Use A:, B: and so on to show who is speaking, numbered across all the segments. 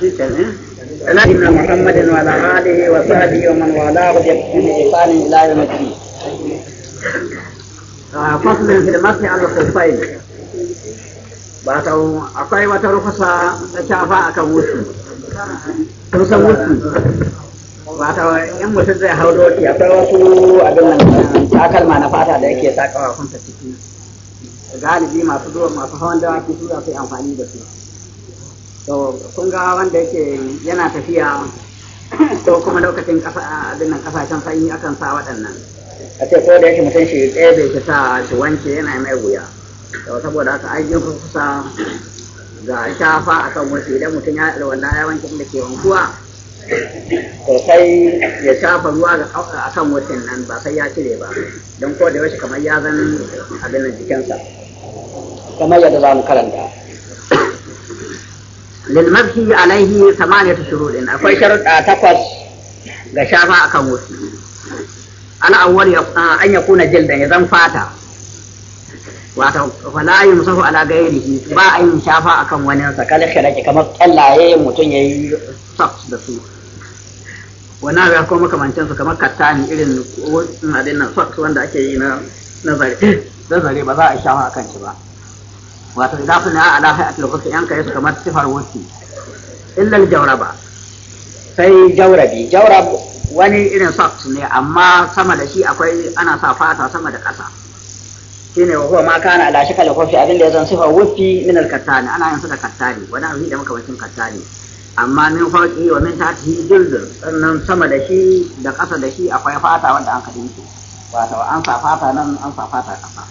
A: سيدنا محمد وعلى آله وصحبه ومن والاه بإحسان إلى يوم الدين فصل في المسح على الخفين باتوا أقوي وترخصا شافا كوسو kusan wuce wato in mutum zai hau doki akwai wasu abin nan takalma na fata da yake sa kawakunta ciki galibi masu hawan dawaki su amfani da su to kun ga wanda yake yana tafiya to kuma lokacin kasa abin nan kasashen sanyi akan sa waɗannan a ce ko da yake mutum shi ɗaya bai sa shi wanke yana mai wuya to saboda haka an yi kusa ga shafa a kan idan mutum ya alwala ya wanke inda ke wankuwa to sai ya shafa ruwa ga akan wasu nan ba sai ya cire ba don ko da yaushe kamar ya zan abin nan jikinsa kamar yadda za mu karanta lilmabhi alaihi samaniyatu shuruɗin akwai sharuɗa takwas ga shafa akan wasu al'awwal an ya kuna jildan ya zan fata wato wala yumsahu ala ghairihi ba a yin shafa akan wani sa kal khiraki kamar tsallaye mutum yayi socks da su wannan ga kuma makamancin kamar kattani irin abin nan socks wanda ake yi na zare ba za a shafa akan shi ba wato su na ala hay'atul ghusl yan kai su kamar sifar wusi illa jawraba sai jawrabi jawrab wani irin soft ne amma sama da shi akwai ana sa fata sama da ƙasa shine wa ma kana ala shakal khufi abin da yazan sifar wufi min al-kattani ana yin su da kattani wani abin da muka wucin kattani amma min fauki wa min tahtihi jildun sannan sama da shi da ƙasa da shi akwai fata wanda an kadin shi wato an sa fata nan an sa fata ƙasa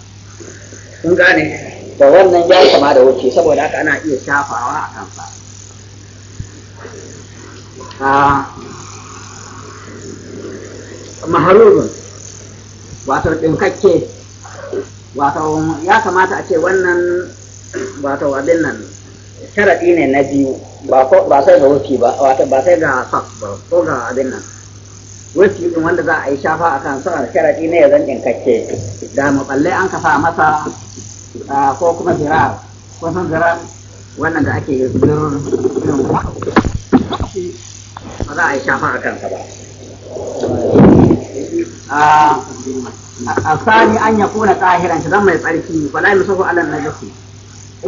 A: kun gane to wannan ya kama da wuce saboda haka ana iya shafawa a kansa ah, maharubin wato ɗinkakke wato ya kamata a ce wannan wato abin nan sharaɗi ne na biyu ba sai ga wuce ba wato ba sai ga sak ba ko ga abin nan wuce ɗin wanda za a yi shafa a kan sa sharaɗi ne ya zan ɗinkakke da maɓallai an kafa masa Ah, ko kuma zirar ko san zirar wannan da ake zirar irin ba za a yi shafa a kansa ba ah, a sani an ya kuna tsahiran shi zan mai tsarki ba wala yi musafu na najasi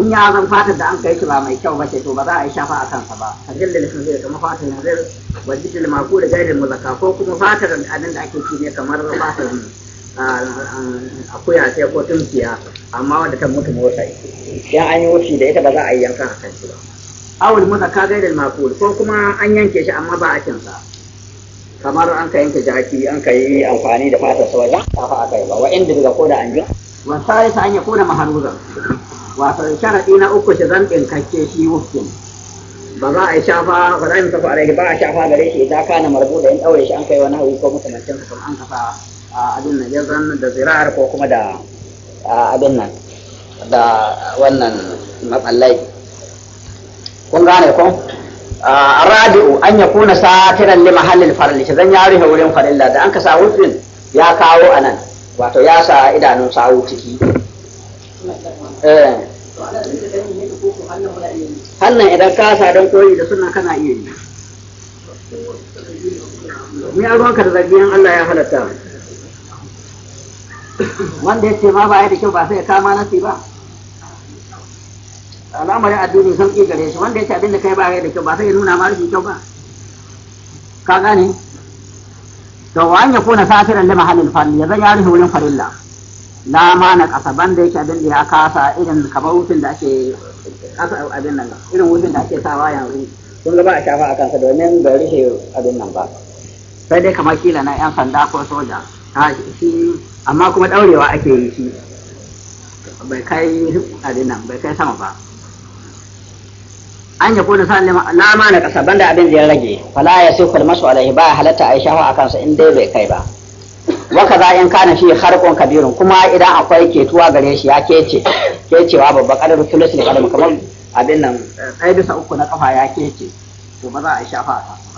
A: in ya zan fatar da an kai shi ba mai kyau ba ce to ba za a yi shafa a kansa ba a jillil zai kamar fatar yanzu wa jillil maqul gairil muzakka ko kuma fatar abin da ake ci ne kamar fatar ne Ah, akuya sai ko tunkiya amma wanda ta mutu motsai yan an yi wuce da ita ba za a yi yankan a kanci ba awul musa ka gaida makul ko kuma an yanke shi amma ba a kinsa kamar an ka yanke jaki an ka yi amfani da fatar sa wajen kafa aka yi ba wa inda daga da an ji wa sai sa an ya koda maharuzan wato sharadi na uku shi zan dinkakke shi wukin ba za a yi shafa ba za a yi ba a shafa gare shi idan kana marbu da in daure shi an kai wani hauyi ko mutumancin sa an kafa abin nan ya zan da zirar ko kuma da abin nan da wannan matsalai kun gane ko rabi'u an ya kuna satiran li mahallin farli zan ya rufe wurin farilla da an ka sa wufin ya kawo nan wato ya sa idanun sawu ciki eh. hannun idan ka sa don koyi da suna kana iya yi ruwanka da Allah ya halatta wanda ya ce ma ba ya da kyau ba sai ya kama na ba al'amarin addini sauƙi gare shi wanda ya ce abin da kai ba ya da kyau ba sai ya nuna ma da kyau ba ka gane to wa ya kuna safiran lima halin fari ya zanya rufe wurin farilla na ma na ƙasa banda ce abin da ya kasa irin kamar wutun da ake kasa abin nan irin wutun da ake sawa yanzu kun ga ba a shafa a kansa domin bai rufe abin nan ba sai dai kamar kila na 'yan sanda ko soja a shi amma kuma daurewa ake yi shi bai kai abin nan bai kai sama ba an ya kuna sa lama na kasa banda abin da ya rage fala ya sai kulma su alaihi ba halatta ai shafa a kansa in dai bai kai ba waka za in kana shi harkon kabirun kuma idan akwai ketuwa gare shi ya kece kecewa babba kadar kilis ne kadar kamar abin nan sai bisa uku na kafa ya kece to ba za a shafa a kansa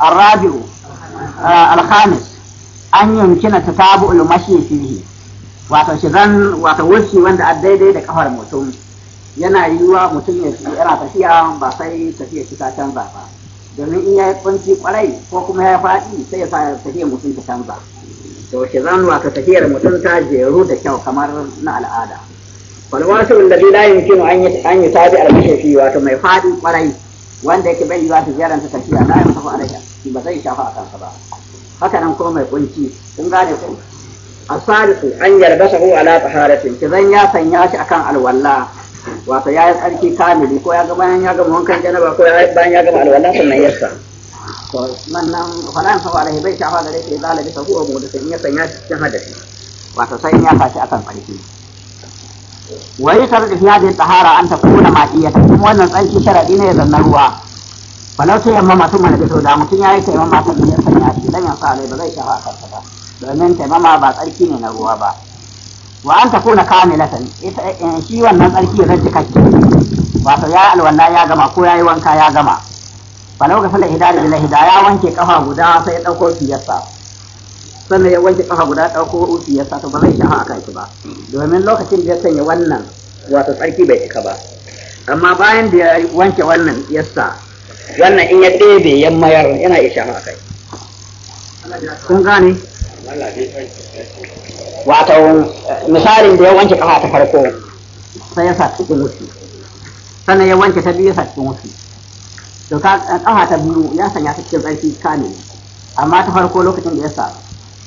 A: ba. Alkhamis, an yumkina ta tabu ulmashi fihi wato shigan, wato wuce wanda a daidai da kafar mutum yana yiwuwa mutum ya fi yana tafiya ba sai tafiya shi ta canza ba domin in ya yi kunci kwarai ko kuma ya faɗi sai ya sa tafiya mutum ta canza to shi zan wato tafiyar mutum ta jeru da kyau kamar na al'ada walwasu zai la yankinu an yi yutabi al-mashfi wato mai faɗi kwarai wanda yake bai yiwa ta ziyaran ta tafiya la ya alaiha shi ba zai shafa a kansa ba haka nan ko mai kunci kun gane ko asaliku an yalbasahu ala taharatin kidan ya sanya shi akan alwala wato ya yi tsarki kamili ko ya gama ya gama wankan janaba ko ya bayan ya gama alwala sannan ya sa to wannan falan fa alaihi bai shafa gare shi zalabi sahu wa mudasin ya sanya shi cikin hadasi wato sai ya sa shi akan tsarki wai yi da fi hadhihi tahara an takuna ma'iyata kuma wannan tsanki sharadi ne ya zanna ruwa falau sai yamma mutum mana da da mutum ya yi taimama ta sai sanya shi dan sa alai ba zai shafa kansa ba domin taimama ba tsarki ne na ruwa ba wa an takuna kamilatan eh, shi wannan tsarki zai cikakke wato ya alwala ya gama ko ya yi wanka ya gama falau ga fala da ila ya wanke kafa guda sai ya dauko fiyarsa sannan ya wanke kafa guda ɗaya ko uku ya sa ba zai sha a kanki ba domin lokacin da ya sanya wannan wato tsarki bai cika ba amma bayan da ya wanke wannan ya sa wannan in ya ɗebe ya mayar yana iya sha a kai
B: kun gane wato misalin da ya wanke kafa
A: ta farko sai ya sa cikin wuce sannan ya wanke ta biyu ya sa cikin wuce to kafa ta biyu ya sanya ta cikin tsarki kane amma ta farko lokacin da ya sa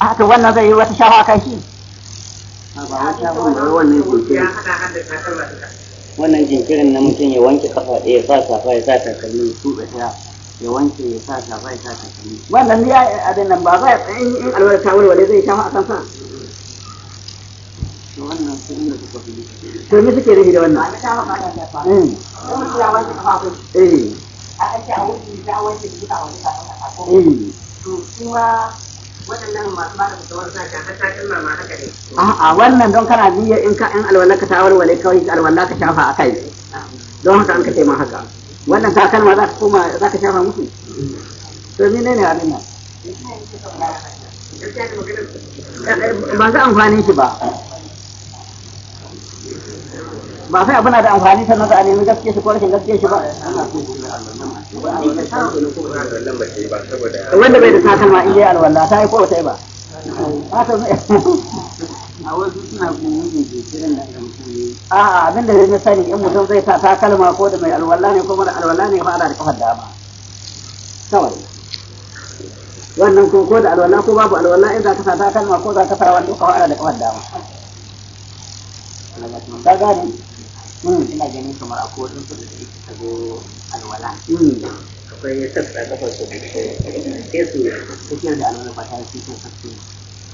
A: a to wannan zai yi wata shafa kan shi wannan jinkirin na mutum ya wanke kafa ɗaya ya sa safa ya sa takalmi su tuba ta ya wanke ya sa safa ya sa takalmi wannan ya abin nan ba zai in in alwar ta walwale zai shafa akan sa to wannan suke rufi da wannan
B: eh A'a wannan
A: don kana biya in ka in alwala ka ta warware kawai alwala ka shafa a kai. Don haka an ka ce ma haka. Wannan kalma za ka koma za ka shafa musu. To ni ne ne abin nan.
B: Ba za amfani shi ba.
A: Ba sai abuna da amfani ta nazari ne gaskiya shi ko rashin gaskiya shi ba.
B: wanda bai da takalma in yi alwala ta yi ko ta yi ba a
A: wasu suna gudun jinkirin da aka a abin da zai sani in mutum zai sa takalma ko da mai alwala ne ko mara alwala ne ba ana da kafar dama kawai wannan ko ko da alwala ko babu alwala in za ka sa kalma ko za ka fara wani kawai ana da kafar dama ka gani. ina ganin kamar akwai wajen su da ta ita ta go alwala hmm, akwai sassa kafar su sai su tafiyar da alwala ba ta yi cikin sassu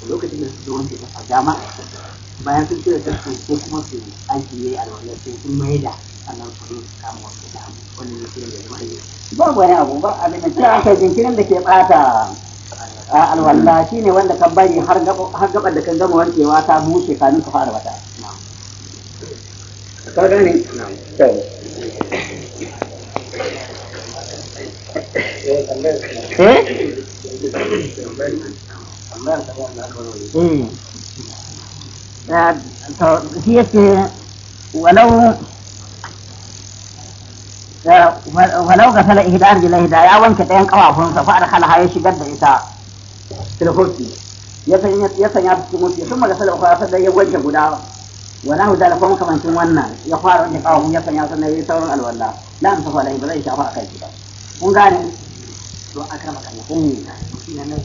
A: lokacin da su zo wanke kafa dama bayan sun cire sassu ko kuma su ajiye alwala sai sun mai da sannan su zo su kama wasu da hannu wannan ne shirin da zama yi ba wani abu ba abin da cewa aka jinkirin da ke bata alwala shine wanda ka bari har gaban da kan gama wankewa ta bushe kamin ka fara wata ka gane eh? Eh, shi yake walau walau ga ya wanke ɗayan kafafunsa fa adkhala shigar da ita tilhoki ya sanya ya sanya cikin mutu sun maga sala ya wanke guda wala hu da kuma kamancin wannan ya fara wanda kawo ya kan ya na ne sauran alwala la an safa alai ba zai shafa a akai ba kun gane to akrama kan kun shi nan ne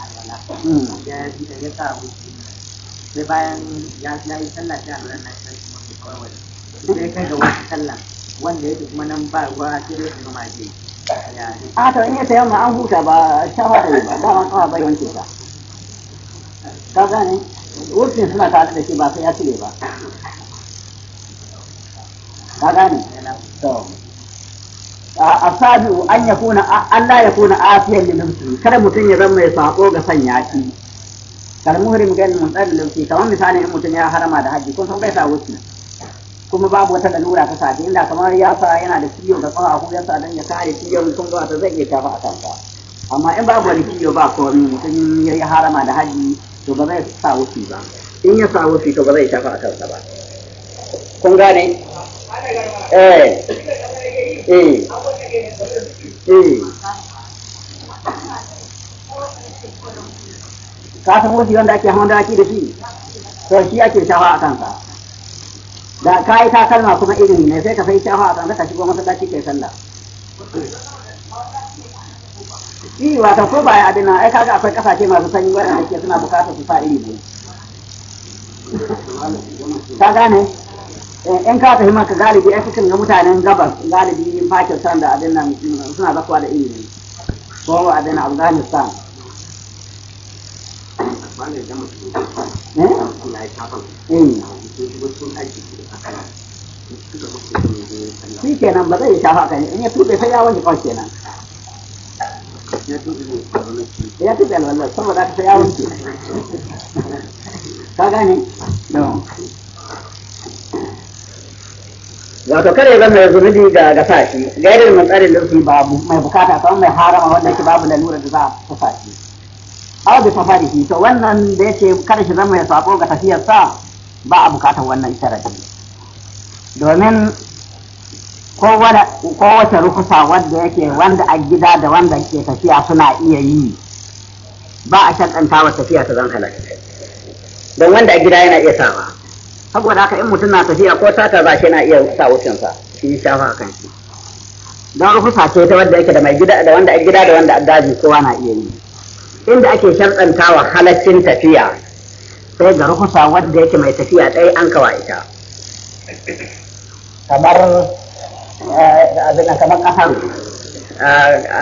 A: alwala hmm. ya ya ta sai bayan ya yi sallah sai alwala na sai kuma kawai sai kai ga wani sallah wanda yake kuma nan ba ruwa sai dai kuma je a to in ya tayi ma an huta ba shafa da ba dama kawa bai wanke ba ka gane wurfin suna tare da shi ba sai ya cire ba ka gane to asabi an ya kuna Allah ya kuna afiyar da nafsi kada mutum ya zama mai sako ga sanya shi kar muhrim ga mun tsare lauki kamar misali in mutum ya harama da haji kun san bai sa wuce kuma babu wata lalura ta sabi inda kamar ya sa yana da ciyo da tsawa ko ya sa dan ya kare ciyo kun ga ta zai iya tafa a kansa amma in babu wani ciyo ba komai mutum ya harama da haji to ba zai sa wufi ba in ya sa wufi to ba zai shafa a kansa ba kun gane eh eh eh ka san wufi wanda ake hawan dawaki da shi to shi ake shafa a kansa da ka yi takalma kuma irin ne sai ka sai shafa a kansa ka shigo masallaci kai sallah E, wata ko ba abin nan ai kaga akwai kasashe masu sanyi waɗanda ake suna bukatar su sa ne ka gane eh, in ka tafi ka galibi ai cikin ga mutanen gabas galibi Pakistan da abin suna zakuwa da ilimi ko adina Afghanistan
B: eh? shi kenan ba zai
A: shafa kan in ya tube sai ya wanke kwan kenan ya tuɓe alwallar saboda aka sai ya wuce ka wato kada ya zama ya zunubi ga ga sashi gairar mai tsarin lurfi babu mai bukata kamar mai harama wanda ke babu lalura da za a ta sashi aw bi shi to wannan da yake kada shi zama ya sako ga tafiyar sa ba a bukatar wannan sharadi domin kowace rukusa wanda yake wanda a gida da wanda ke tafiya suna iya yi ba a shakanta wa tafiya ta zan halaka don wanda a gida yana iya sawa saboda haka in mutum na tafiya ko sata ba shi yana iya sa wucinsa shi shafa kan shi don rukusa ce ta wanda yake da mai gida da wanda a gida da wanda a daji kowa na iya yi inda ake shakanta wa halaccin tafiya sai ga rukusa wanda yake mai tafiya ɗaya an kawai ita kamar Eh, abin nan kamar eh, kafaru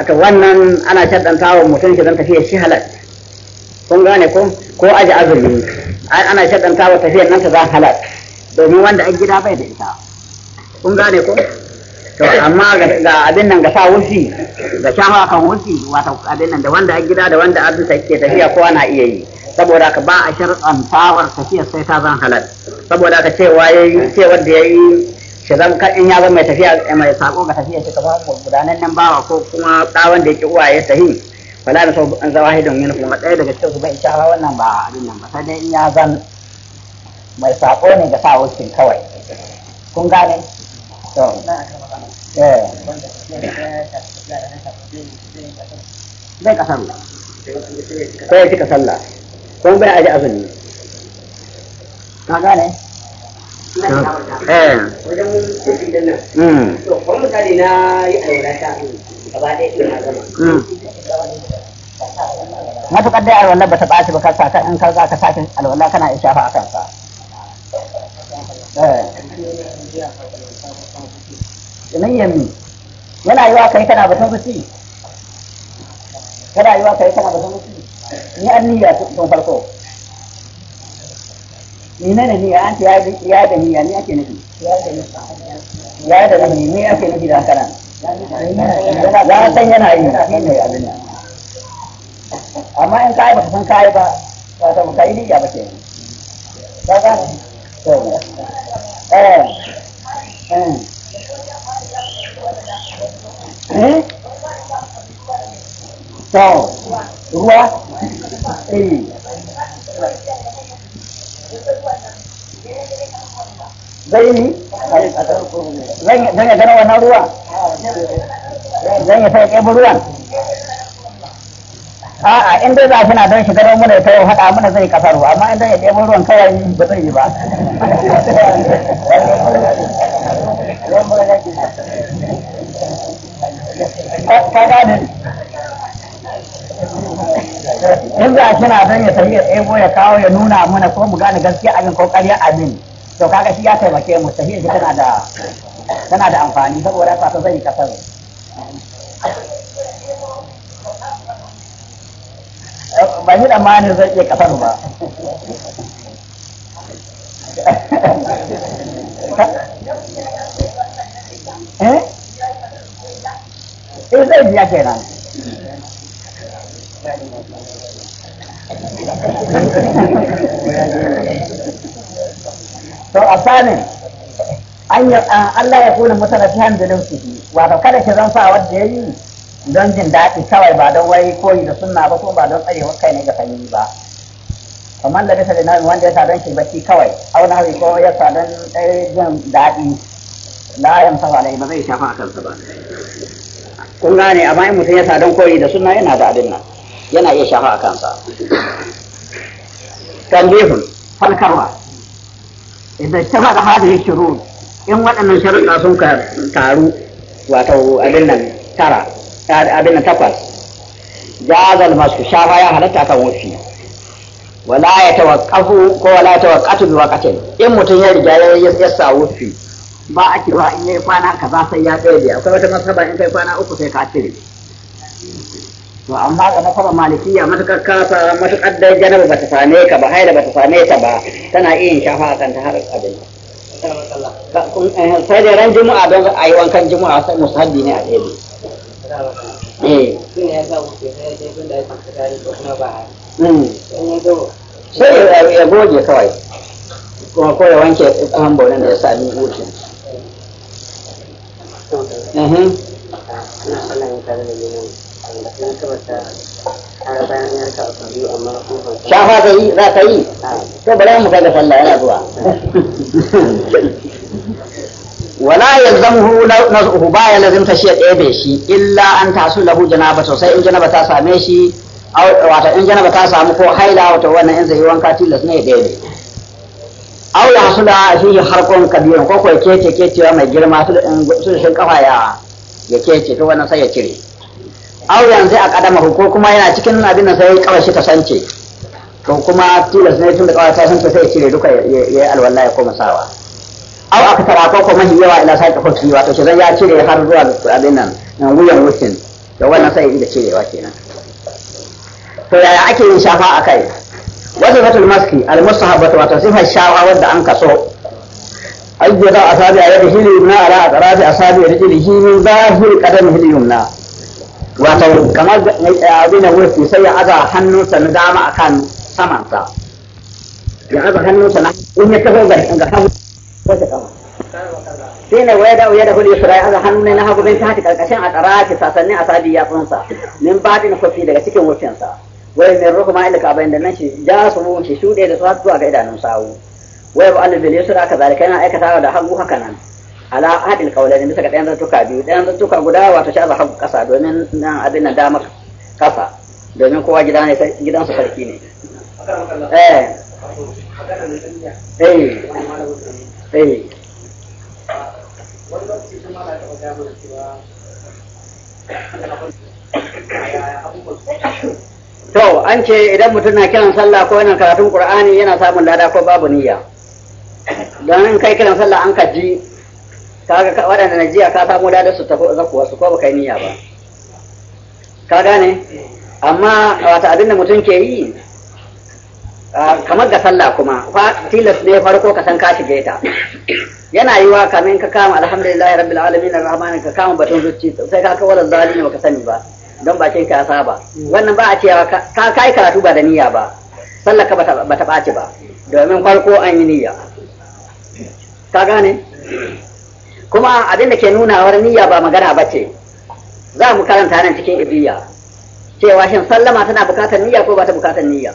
A: to wannan ana shaddanta wa mutum shi don tafiyar shi halal kun gane ko ko aji azumi ana shaddanta wa tafiyar nan ta za halal domin wanda an gida bai da ita kun gane ko to amma ga abin nan ga sa wusi ga shawa kan wusi wato abin nan da wanda an gida da wanda an ke tafiya kowa na iya yi saboda ka ba a shar'an tawar tafiyar sai ta zan halal saboda ka cewa yayi ce wanda yayi shi zan ka in ya zama mai tafiya mai sako ga tafiya shi ka ba mu gudanan nan bawa ko kuma tsawon da yake uwa ya tahi wala da sau an zawa hidin min kuma ɗaya daga cikin su bai shawa wannan ba abin nan ba sai dai in ya zan mai sako ne ga sa wucin kawai kun gane to eh zai kasar ko ya cika sallah ko bai aji azumi ka gane eh wajen hmm. hmm. matuƙar dai alwala ba ta ɓaci ba ka sa in ka za ka kana iya shafa a kansa eh. yana yi wa kai kana batun kuci Yana yi wa kai kana batun ni an niyya tun farko menene ne an ce ya da niyya ne ake nufi ya da niyya ne ake nufi da haka ya san yana yi shine abin nan amma in kai baka san kai ba ba ta baka yi niyya ba ke ka ga to eh, eh
B: eh to ruwa eh zai yi zan ya gano wannan ruwa
A: zan ya sai kebun ruwan a'a in dai zafi na don shigar muna ta yau haɗa mana zai kasar ruwa amma in dai ya ɗebo ruwan kawai ba zai yi ba
B: ka gane muna zan ya sayi ya tsebo ya kawo
A: ya nuna mana ko mu gane gaskiya abin ko ƙarya abin to kaga shi ya taimake mu tahiyar tana da tana da amfani saboda haka zan yi kasar Ba yi tsammanin zai iya kasar ba eh eh zai biya kenan to a sanin an yi Allah ya kuna mutane fi hanzu da su wato kada ki zanfa wadda ya yi don jin daɗi kawai ba don wai koyi da sunna ba ko ba don wa kai ne ga sanyi ba kamar da nisa da wanda ya sa don shi bacci kawai auna hari ko ya sa don eh, jin daɗi la yan safa da ba zai shafa a kansa ba kun gane amma in mutum ya sa don koyi da sunna yana da abin nan yana iya shafa a kansa tanbihun falkarwa idan ta da hadin shiru in waɗannan sharuɗa sun taru wato abin nan tara abin nan takwas jazal masu shafa ya halatta kan wufi. wala ya tawaqqafu ko wala ya tawaqqatu bi waqatin in mutum ya riga ya sa wufi. ba a cewa in yayi kwana kaza sai ya tsaye akwai wata masaba in kai kwana uku sai ka cire to amma ga masaba malikiya matukar kasa matukar da janaba bata same ka ba haila bata same ta ba tana iya shafa kan ta har abin eh, sai da ran juma'a don a yi wankan juma'a sai musahabi ne a ɗaya eh. hmm. sai ya goge kawai kuma ko ya wanke tsohon baunin da ya sami hutun
B: Mm-hmm. Eh.
A: shafa
B: ka yi za ta yi to bari mu kai da sallah
A: yana zuwa wala yalzamuhu nazuhu baya lazimta shi ya ɗebe shi illa an tasu lahu janaba to sai in janaba ta same shi wato in janaba ta samu ko haila wato wannan in zai wanka tilas ne ya ɗebe aw ya hasula fihi harkon kabirin ko ko kece kecewa mai girma su da shin kafa ya ya kece to wannan sai ya cire auren sai a kadama ko kuma yana cikin abin da sai kawai shi kasance to kuma tilas ne tun da kawai ta sance sai cire duka ya yi alwala ya koma sawa au aka tara ko kuma shi yawa ila sai ka fasu wato shi zai ya cire har zuwa abin nan nan wuyan wucin to wannan sai ya cirewa kenan to yaya ake yin shafa a kai wasu fatul maski almustahabatu wato sifar shawa wanda an kaso أجد أصابع يده na على أطراف أصابع رجله من ظاهر قدمه اليمنى wato kamar eh, abin da wurfi sai ya aza hannunsa na dama a kan samansa ya aza hannunsa na in ya taho ga ga hannu ko ta kama shi ne waya da waya da hulu yusra ya aza hannu na hagu bin tahti karkashin a karaki sasannin sadi ya tsunsa min badin kofi daga cikin wucinsa waya mai ruhu ma ka bayan da nan shi ja su mu shi shuɗe da su har zuwa ga idanun sawu waya ba alil yusra ka zalika yana aikatawa da hagu haka nan ala ahadil qawlain bisa ga ɗayan zantuka biyu ɗayan zantuka guda wato sha zahabu kasa domin nan abin nan dama kasa domin kowa gida ne gidan sarki ne
B: eh. eh
A: eh To, an ce idan mutum na kiran sallah ko yana karatun Qur'ani yana samun lada ko babu niyya. Don in kai kiran sallah an ka ji kaga waɗanda na jiya ka samu da su tafi zakuwa su ko baka yi niyya ba ka gane amma wata abin da mutum ke yi kamar ga sallah kuma fa tilas ne farko ka san ka shige ta yana yi wa kamin ka kama alhamdulillahi rabbil alamin arrahman ka kama batun zuci sai ka kawo zalimi baka sani ba don bakin ka ya saba wannan ba a cewa ka kai karatu ba da niyya ba sallah ka bata ɓaci ba domin farko an yi niyya ka gane kuma abin da ke nunawar niyya ba magana ba ce za mu karanta nan cikin ibiya cewa shin sallama tana bukatar niyya ko ba ta bukatar niyya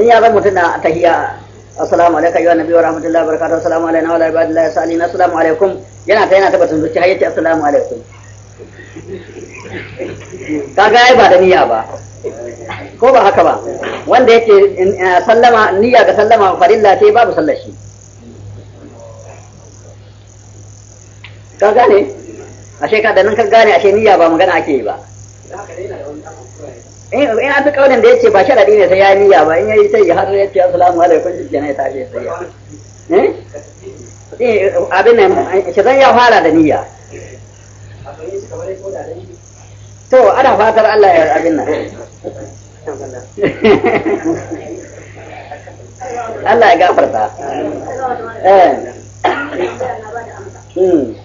A: in ya zan mutum na tahiya assalamu alaikum ya nabi wa rahmatullahi wa barakatuhu assalamu alaikum wa rahmatullahi salina assalamu alaikum yana ta yana tabbatar zuci har yace assalamu alaikum
B: kaga ai ba da niyya ba
A: ko ba haka ba wanda yake eh, sallama niyya ga sallama farilla ce babu sallashi ka gane ashe ka da nan ka gane ashe niyya ba magana ake yi ba eh, in an fi kaunin da ya ce ba sharaɗi ne sai ya yi niyya ba in ya yi sai har ya ce assalamu alaikum shi kenan ya tashi sai ya eh? Eh, abin nan shi zan ya fara da niyya to ana fatar Allah ya abin nan Allah ya gafarta eh
B: hmm.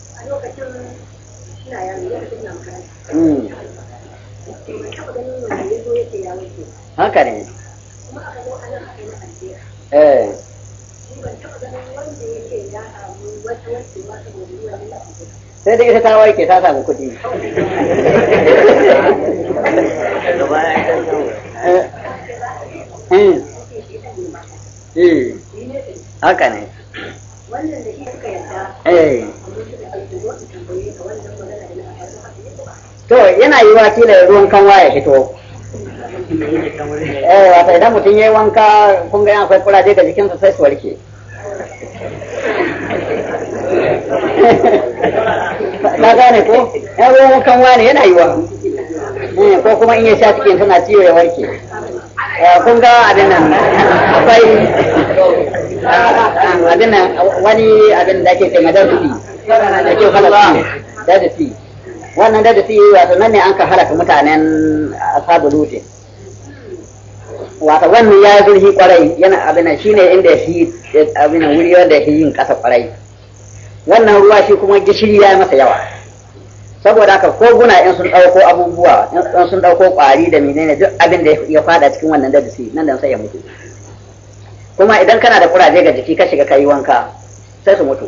B: Hmm.
A: haka ne eh sai dai ita ta wai ke ta samu kuɗi eh. Eh. Eh. haka ne
B: wannan da shi suka
A: to yana yi wa kila ruwan kanwa ya fito eh wata idan mutum ya yi wanka kun ga akwai kuraje ga jikinsa sai su warke Na gane ko ya ruwan kanwa ne, yana yi wa eh, ko kuma in ya sha cikin tana ciwo ya warke eh, kun ga abin nan akwai abin nan wani abin da ake kai madar da ke halafi wannan wato nan ne an ka halaka mutanen asabu lutin wato wannan ya zurfi kwarai yana abin shi ne inda shi abinan wuri wanda yin kasa kwarai wannan ruwa shi kuma gishiri ya yi masa yawa saboda haka ko guna in sun dauko abubuwa in sun dauko kwari da menene duk abin da ya fada cikin wannan dadisi nan da sai ya mutu kuma idan kana da kuraje ga jiki ka shiga kai wanka sai su mutu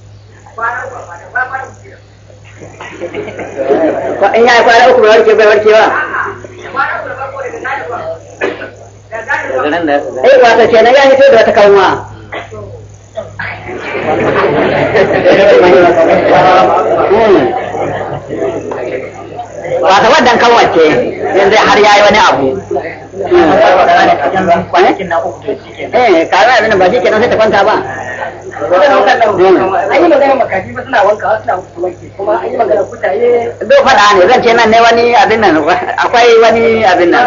A: in ya kwana uku bai warke bai warkewa
B: eh wato kenan ya hito da wata kanwa
A: hmm. wata waddan kanwa ce yanzu har ya yi wani abu hmm. eh kawai abin da ba shi kenan sai ta kwanta ba an yi magana suna wanka suna wanke kuma an yi magana kutaye duk faɗa ne zan ce nan ne wani abin nan akwai wani abin nan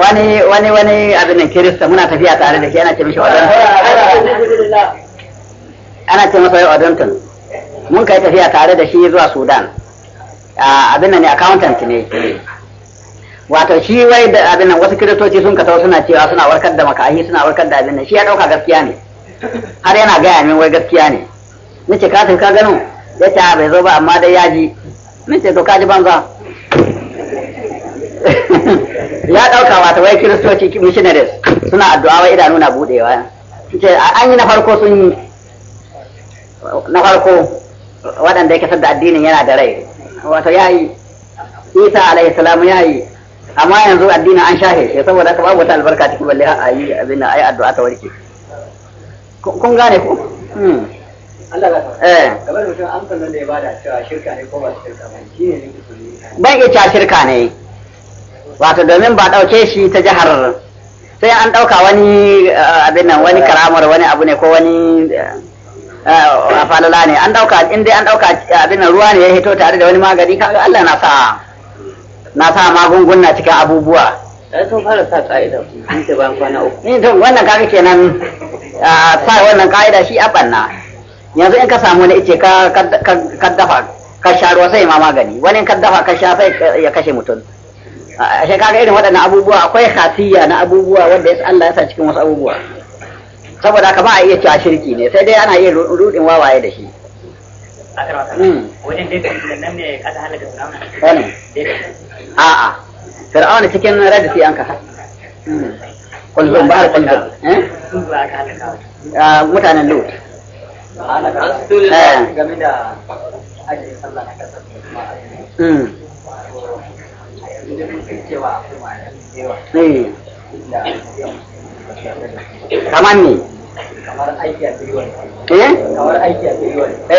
A: wani wani wani abin nan kirista muna tafiya tare da shi ana ce mishi odonton ana ce masa odonton mun kai tafiya tare da shi zuwa sudan abin nan ne accountant ne wato shi wai da abin nan wasu kiristoci sun kasau suna cewa suna warkar da makahi suna warkar da abin nan shi ya dauka gaskiya ne har yana gaya min wai gaskiya ne na ce kafin ka gano ya ce bai zo ba amma dai ya ji min ce to ka ji banza
B: ya ɗauka wata wai
A: kiristoci missionaries suna addu'a wai idanu na buɗewa ce an yi na farko sun yi na farko waɗanda ya kasar da addinin yana da rai wato ya yi isa alaihi salam ya yi amma yanzu addinin an shahe saboda ka babu wata albarka cikin balle a yi abin da ai addu'a ta warke kun gane ku hmm. Allah za ka eh. kamar mutum an kan da bada cewa shirka ne ko ba shirka ba shi ne ban iya cewa shirka ne wato domin ba ɗauke shi ta jihar sai an ɗauka wani eh, abin nan wani karamar wani abu ne ko wani a eh, falala ne an ɗauka in dai an ɗauka abin nan ruwa ne ya hito tare da wani magani kaga Allah na sa na sa magunguna cikin abubuwa sun fara sa ƙa'ida. sun ce kwana uku ni wannan kaga kenan sa wannan ka'ida shi a banna yanzu in ka samu na ice ka dafa ka sha ruwa sai ma magani wani in ka dafa ka sha sai ya kashe mutum a shekara irin waɗannan abubuwa akwai khasiyya na abubuwa wanda ya Allah ya sa cikin wasu abubuwa saboda haka ba a iya cewa shirki ne sai dai ana iya rudin wawaye da shi hmm. wajen dai nan ne halaka a'a fir'auna cikin rada fi an eh ah, mutanen lut game da ajiye sallah na kasar kamar ne kamar aiki a eh? kamar aiki a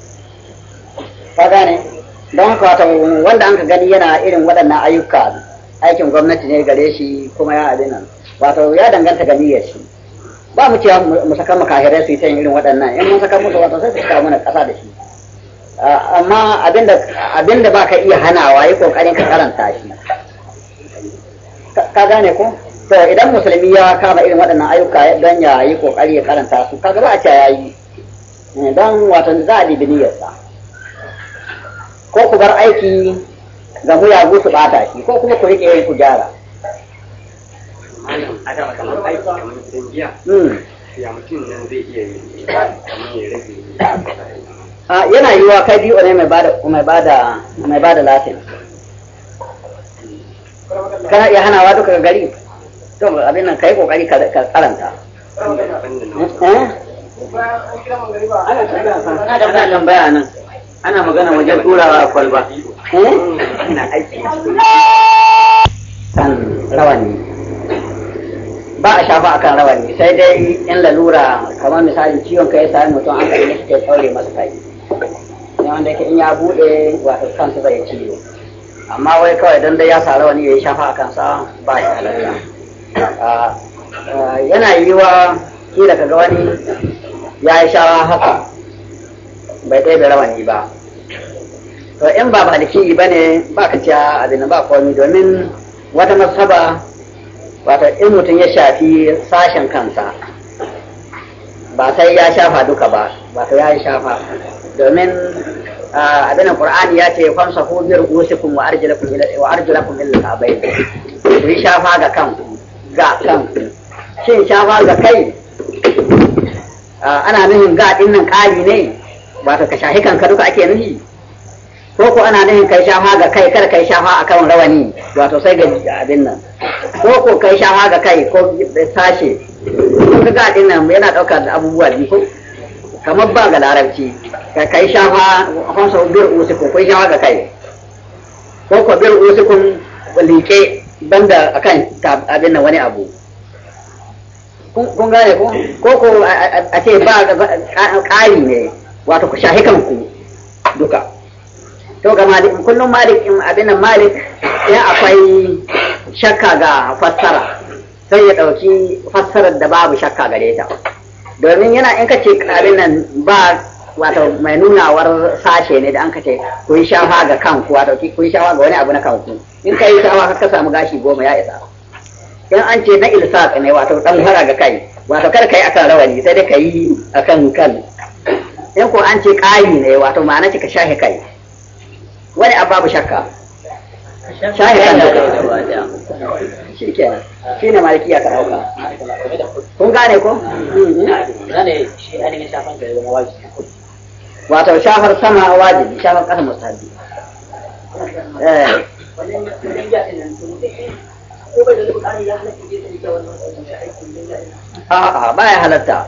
A: ka gane don haka wata wanda an ka gani yana irin waɗannan ayyuka aikin gwamnati ne gare shi kuma ya abin nan wato ya danganta ga niyyar shi ba mu cewa mu saka mu su yi sayin irin waɗannan in mun saka musu wato sai su kawo mana ƙasa da shi amma abinda ba ka iya hanawa yi ƙoƙarin ka karanta shi ka gane ko to idan musulmi ya kama irin waɗannan ayyuka don ya yi ƙoƙari ya karanta su kaga ba a ce ya yi eh, don wato za a dibi niyyarsa ko ku bar aiki ga yagu su bata shi ko kuma ku rike yin ku gyara yana yiwuwa kai biyu ne mai ba da latin kana iya hanawa duka gari to abin nan kai kokari ka karanta
B: eh?
A: ana tambaya nan
B: ana magana wajen turawa
A: a kwalba na aiki kan rawani ba a shafa akan rawani sai dai in lalura kamar misalin ciwon kai sai mutum an kai ne ke masa kai ne wanda yake in ya bude wato kansa zai ciwo amma wai kawai dan dai ya sa rawani ya shafa akan sa ba ya halarta ah, ah, yana yiwa kila kaga wani ya yi shawa haka bai ɗaya rawani ba to in ba maliki ba ne ba ka ciya abin ba komi domin wata masaba wata in mutum ya shafi sashen kansa ba sai ya shafa duka ba ba sai ya yi shafa domin abin da qur'ani ya ce famsa ku biyar ru'usikum wa arjulakum ila wa arjulakum ila al ku yi shafa ga kanku ga kanku shin shafa ga kai ana nufin ga dinnan kali ne wato ka shahi kanka duka ake nufi ko ko ana nufin kai shafa ga kai kar kai shafa akan rawani wato sai ga abin nan ko ko kai shafa ga kai ko sashe ko ga abin nan yana ɗaukar abubuwa biyu ko kamar ba ga larabci ka kai shafa hansa bir usikum kai shafa ga kai ko ko bir usikum liƙe banda akan abin nan wani abu kun gane ko ko a ce ba ƙari ne wato ku shahi kanku duka to ga malik kullum malik in abin nan malik in akwai shakka ga fassara sai ya ɗauki fassarar da babu shakka gare ta domin yana in ka ce abin nan ba wato mai nunawar sashe ne da an ce ku yi shafa ga kanku wato ku yi shafa ga wani abu na kanku in ka yi shafa ka samu gashi goma ya isa in an ce na ilsaq ne wato dan fara ga kai wato kar kai akan rawani sai dai kai akan kan in ko an ce ƙayi ne wato ma'ana ce ka shahe kai wani abu babu shakka
B: shahe kan da
A: shi shi ne malikiya ka dauka kun gane ko mm-hmm. Mm-hmm. wato shafar sama wajibi shafar ƙasa mustahabi eh. a'a ya halatta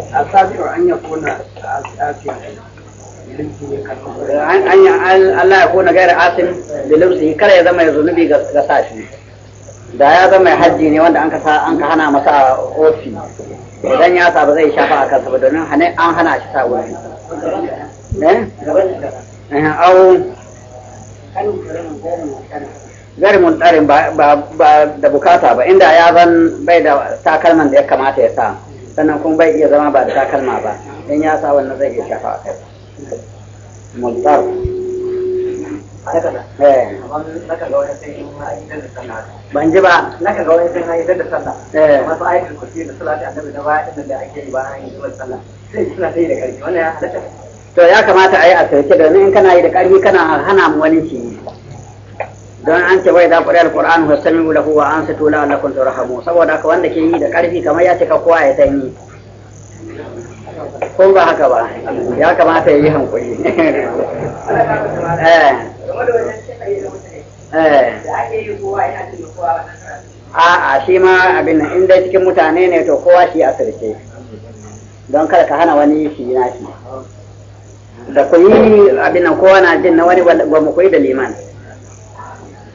B: السابع an ya آثما asin Allah ya kona gaira asin da limsi kada ya zama ya
A: zunubi ga sashi da ya zama ya hajji ne wanda an ka hana masa ofi idan ya ba zai shafa a kansa ba domin an hana shi sa wuri eh, au gari muntarin ba da bukata ba inda ya zan bai da takalman da ya kamata ya sa sannan kuma bai iya zama ba da takalma ba in ya sa wannan zai iya shafa a kai multar eh. ban ji ba na ka ga wani sun hanyar da sallah eh. amma su ayatul kursi da salati annabi da baya din da ake yi ba hanyar zuwa sallah sai suna sai da karfi wannan ya halatta to ya kamata a yi a sauke domin in kana yi da karfi kana hana mu wani shi don an ce wai za ɗaya alƙur'an ku sami wula huwa an su tula Allah kun turhamu saboda haka wanda ke yi da ƙarfi kamar ya cika kowa ya san yi ko ba haka ba ya kamata ya yi hankuri eh. Eh. a'a shi ma abin nan in dai cikin mutane ne to kowa shi sarki don kada ka hana wani shi na shi da ku yi abin nan kowa na jin na wani ba mu koyi da liman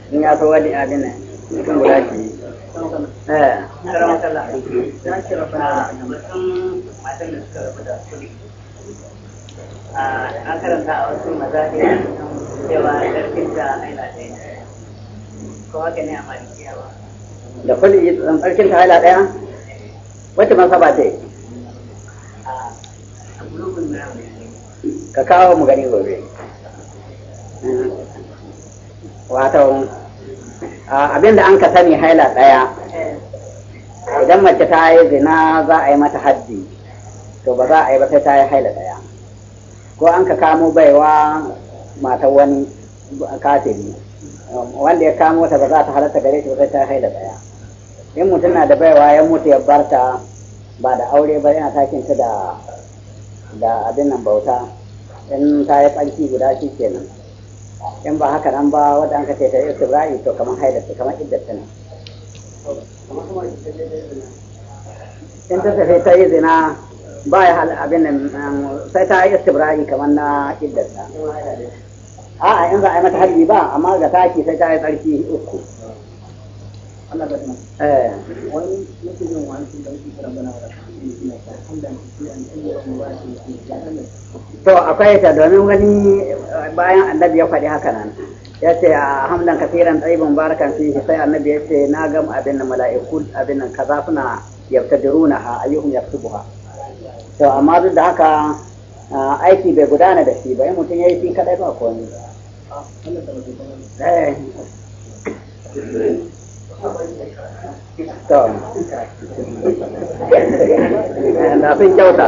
A: in ya so wani abin nan mutum guda ke yi eh ah. Ah, an karanta a wasu mazaɗi cewa ƙarfin da aina
B: ɗaya ko haka ne a malikiya ba
A: da kuli ƙarfin ta aina ɗaya wacce masaba ce ah, ka kawo mu gani gobe hmm. wato abin da an ka sani haila ɗaya idan mace ta yi zina za a yi mata haddi to ba za a yi ba sai ta yi haila ɗaya ko an ka kamo baiwa mata wani kafiri wanda ya kamo ta ba za ta halatta gare shi ba sai ta yi haila ɗaya in mutum na da baiwa ya mutu ya barta ba da aure ba yana takin ta da da abin nan bauta in ta yi tsanki guda shi kenan in ba haka nan ba wadda an ta ce ta istibra'i to kamar haidata kamar iddata ne in ta tafi ta yi zina ba ya hal abin nan um, sai ta yi istibra'i kamar na iddata a'a in za a yi mata hajji ba amma ga taki sai ta yi tsarki uku Eh. to akwai ta domin wani eh, bayan annabi ya faɗi haka nan ya ce a ah, hamdan kafiran ɗaiban barakan fi sai annabi ya ce na gam abin nan mala'iku abin nan kaza suna yabtadiruna ha ayyuhum yaktubuha to amma duk da haka ah, aiki bai gudana da shi ba in mutum ya yi shi kadai ba kowanne. Ah, Tom. Na fin kyauta.